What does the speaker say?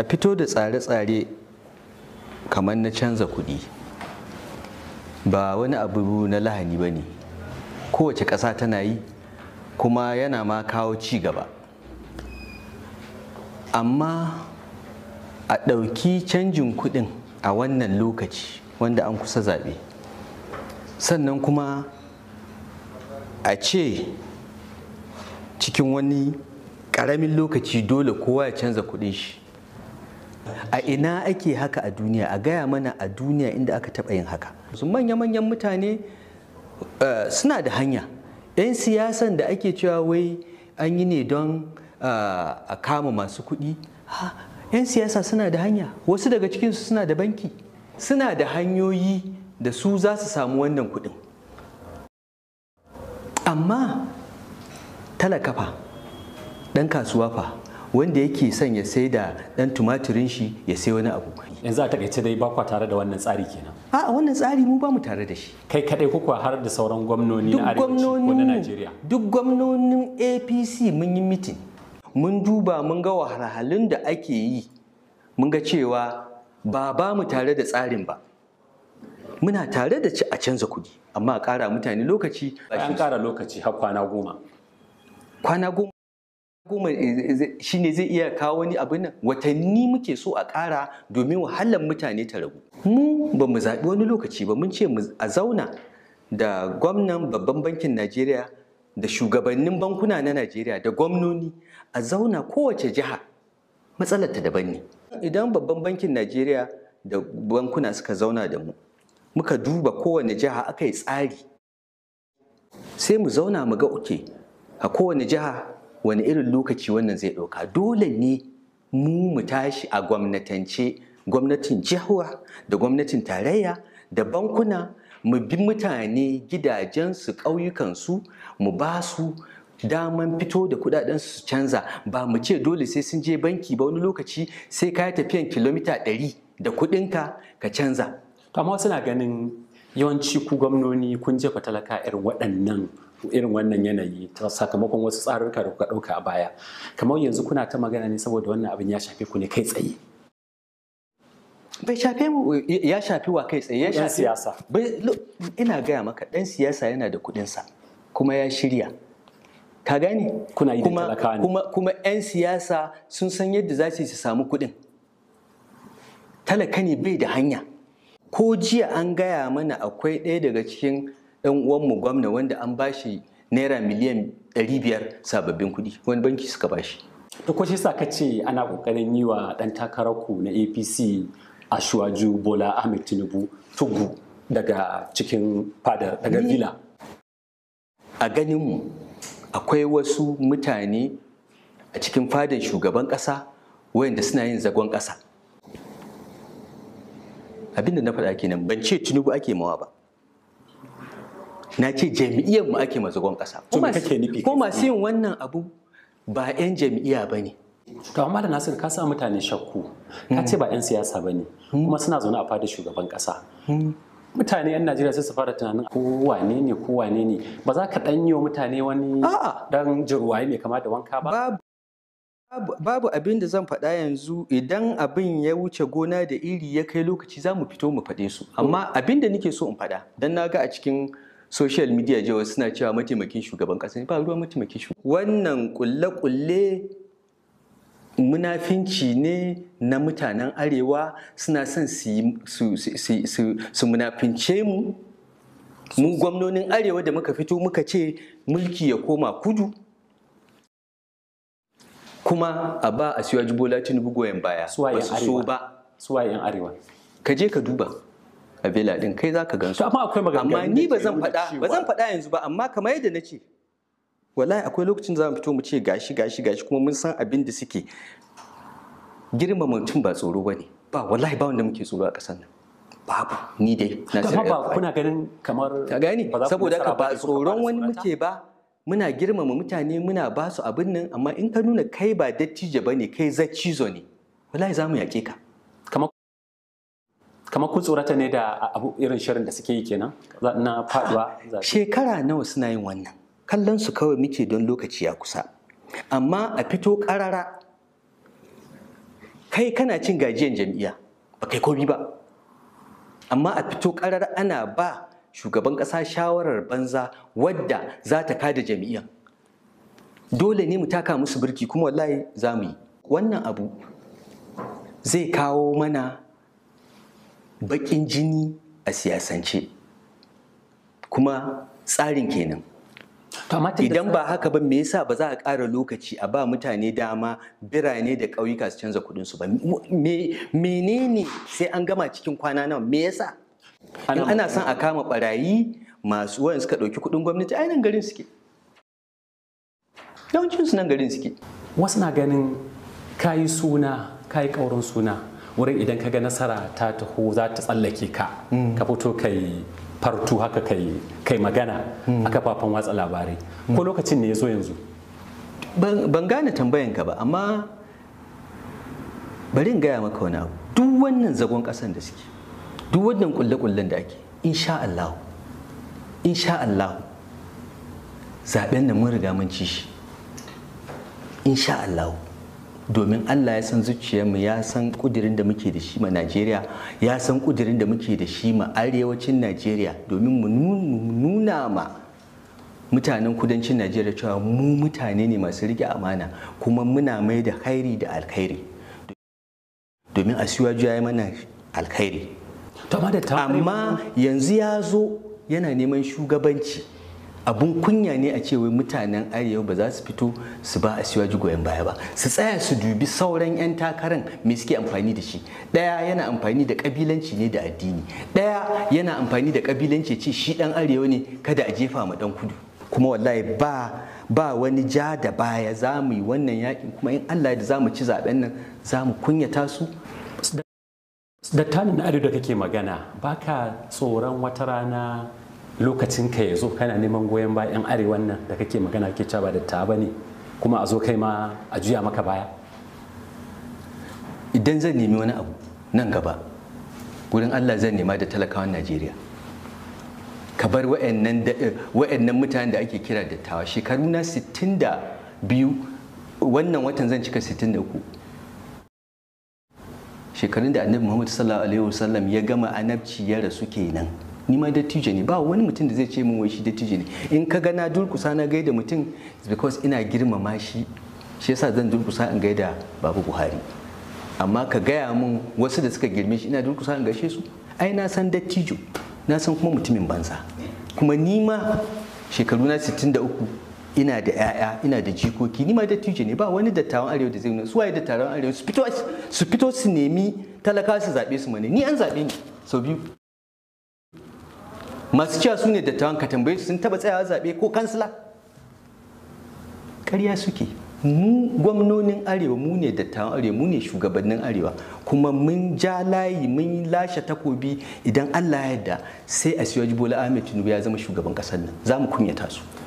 a fito da tsare-tsare kamar na canza kuɗi ba wani abu na lahani ba ne kowace ƙasa tana yi kuma yana ma kawo ci gaba amma a ɗauki canjin kuɗin a wannan lokaci wanda an kusa zaɓe sannan kuma a ce cikin wani ƙaramin lokaci dole kowa ya canza kuɗin shi a ina ake haka a duniya a gaya mana a duniya inda aka taba yin haka su manya-manyan mutane eh, suna da hanya 'yan siyasan da ake cewa wai an yi ne don eh, a kama masu kuɗi 'yan siyasa suna da hanya wasu daga cikinsu suna da banki suna da hanyoyi da su za su samu wannan kuɗin amma talaka fa ɗan kasuwa fa wanda yake son ya sai da ɗan tumatirin shi ya sai wani abu yanzu a takaice dai bakwa tare da wannan tsari kenan a wannan tsari mu ba mu tare da shi kai kadai kuka har da sauran gwamnoni na arewaci ko na Najeriya duk gwamnonin APC mun yi mitin mun duba mun ga wahalhalun da ake yi mun ga cewa ba ba mu tare da tsarin ba muna tare da ci a canza kuɗi amma a ƙara mutane lokaci an ƙara lokaci har kwana goma kwana goma hukumar eh, eh, shi ne zai iya kawo wani abin nan watanni muke so a ƙara domin wahalar mutane ta ragu mu ba mu zaɓi wani lokaci ba mun ce a zauna da gwamnan babban bankin najeriya da shugabannin bankuna na najeriya da gwamnoni a zauna kowace jiha matsalar ta daban ne idan babban bankin najeriya da bankuna suka zauna da mu muka duba kowane jiha aka yi tsari sai mu zauna mu ga oke a kowane jiha wani irin lokaci wannan zai ɗauka dole ne mu mu tashi a gwamnatance gwamnatin jihuwa da gwamnatin tarayya da bankuna mu bi mutane gidajensu ƙauyukansu mu ba su daman fito da kudaden su canza ba mu ce dole sai sun je banki ba wani lokaci sai ka tafiyan kilomita 100 da kudinka ka canza. amma suna ganin yawanci ku gwamnoni kun jefa talaka 'yar waɗannan irin wannan yanayi ta sakamakon wasu tsarurka da kuka ɗauka a baya kamar yanzu kuna ta magana ne saboda wannan abin ya shafe ku ne kai tsaye bai shafe mu ya shafi wa kai tsaye ya shafi siyasa ina gaya maka dan siyasa yana da kuɗinsa kuma ya shirya ka gani kuna yi kuma kuma kuma yan siyasa sun san yadda za su samu kuɗin talaka ne bai da hanya ko jiya an gaya mana akwai ɗaya daga cikin ɗan uwanmu gwamna wanda an ba shi naira miliyan 500 sababbin kuɗi wani banki suka bashi to ko shi sa ka ce ana ƙoƙarin yi wa ɗan takarar ku na APC shuwaju Bola Ahmed Tinubu tugu daga cikin fada daga villa a ganinmu akwai wasu mutane a cikin fadan shugaban ƙasa wayanda suna yin zagon ƙasa abinda na faɗa kenan ban ce Tinubu ake mawa ba na ce jami'iyyar mu ake mazugon ƙasa ko masu yin wannan abu ba 'yan jami'iya ba ne to amma da nasir ka sa mutane shakku ka hmm. ce ba 'yan siyasa ba ne hmm. kuma suna zaune a fadar shugaban ƙasa hmm. mutane 'yan najeriya sai su fara tunanin ko wane ne ko wane ne ba za ka ɗan yi wa mutane wani dan jirwaye mai kama da wanka ba babu abin da zan faɗa yanzu idan abin ya wuce gona da iri ya kai lokaci za mu fito mu faɗe su amma abin da nake so in faɗa don na ga a cikin social media jawa suna cewa mataimakin shugaban kasa ba ruwan mataimakin shugaban wannan kulle-kulle munafinci ne na mutanen arewa suna son su munafince mu mu gwamnonin arewa da muka fito muka ce mulki ya koma kudu kuma a ba a siyo jibola tinubu goyon baya ba su so ba arewa ka je ka duba a din kai zaka gan su amma akwai maganganu amma ni ba zan faɗa ba zan faɗa yanzu ba amma kamar yadda na ce wallahi akwai lokacin za mu fito mu ce gashi gashi gashi kuma mun san abin da suke girmama mutum ba tsoro bane ba wallahi ba wanda muke tsoro a ƙasar nan babu ni dai na sai ba kuna ganin kamar ka gani saboda haka ba tsoron wani muke ba muna girmama mutane muna ba su abin nan amma in ka nuna kai ba dattijo bane kai cizo ne wallahi za mu yaƙe ka kamar kun tsorata ne da abu irin shirin da suke yi kenan na faduwa ah, shekara nawa suna yin wannan kallon su kawai muke don lokaci ya kusa amma a fito karara kai kana cin gajiyan jam'iyya ba kai komi ba amma a fito karara ana ba shugaban ƙasa shawarar banza wadda za ta kada jami'an. dole ne mu taka musu birki kuma wallahi za mu yi wannan abu zai kawo mana baƙin jini a siyasance kuma tsarin kenan idan ba haka ba me yasa ba za a ƙara lokaci a ba mutane dama birane da ƙauyuka su canza kuɗinsu ba menene sai an gama cikin kwana nawa me yasa ana son a kama barayi masu wayan suka ɗauki kuɗin gwamnati a nan garin suke yawancin su nan garin suke wasu na ganin kayi suna kayi ƙaurin suna wurin idan ka ga nasara ta taho za ta tsallake ka mm. ka fito kai fartu haka kai kai magana mm. a kafafen watsa labarai ko mm. lokacin ne ya zo yanzu ban gane tambayan ka ba amma bari in gaya maka wani abu duk wannan zagon kasan da suke duk wannan kulle-kullen da ake insha Allah insha Allah zaben da mun riga mun ci shi insha Allah domin Allah ya san zuciyarmu ya san kudirin da muke da shi ma Najeriya ya san kudirin da muke da shi ma arewacin Najeriya domin mu nuna ma mutanen kudancin Najeriya cewa mu mutane ne masu rike amana kuma muna mai da hairi da alkhairi domin a ya yi mana alkhairi amma yanzu ya zo yana neman shugabanci abun kunya ne a ce wai mutanen arewa ba za su fito su ba a siwaji goyon baya ba su tsaya su dubi sauran 'yan takarar me suke amfani da shi ɗaya yana amfani da kabilanci ne da addini ɗaya yana amfani da kabilanci ce shi ɗan arewa ne kada a jefa ma ɗan kudu kuma wallahi ba wani ja da baya za mu yi wannan yakin kuma in allah da za mu ci zaɓen nan za mu kunyata su da tanin arewa da kake magana baka tsoron wata rana lokacin ka ya zo kana neman goyon bayan arewan nan da kake magana ke cewa ba da ta ne kuma a zo kai ma a juya maka baya idan zan nemi wani abu nan gaba gurin Allah zan nema da talakawan Najeriya ka bar wa'annan eh, mutanen da ake kira dattawa shekaru na 62 wannan watan zan cika 63 shekarun da annabi Muhammad sallallahu alaihi wasallam ya gama anabci ya rasu kenan ni ma dattijo ne ba wani mutum da zai ce min wai shi dattijo ne in ka ga na durkusa na gaida mutum because ina girmama shi shi yasa zan durkusa in gaida babu buhari amma ka gaya min wasu da suka girme shi ina durkusa in gaishe su ai na san dattijo na san kuma mutumin banza kuma ni ma shekaru na 63 ina da 'ya'ya ina da jikoki ni ma dattijo ne ba wani dattawan arewa da zai nuna su waye dattawan arewa su fito su nemi talaka su zaɓe su mana ni an zaɓe ni sau biyu masu cewa su ne dattawan ka tambaye su sun taba tsayawa zaɓe ko kansila ƙarya suke mu gwamnonin arewa mu ne dattawan arewa mu ne shugabannin arewa kuma mun ja layi mun lashe takobi idan allah ya yarda sai a siyo bola ahmed tinubu ya zama shugaban ƙasar nan za mu kunyata su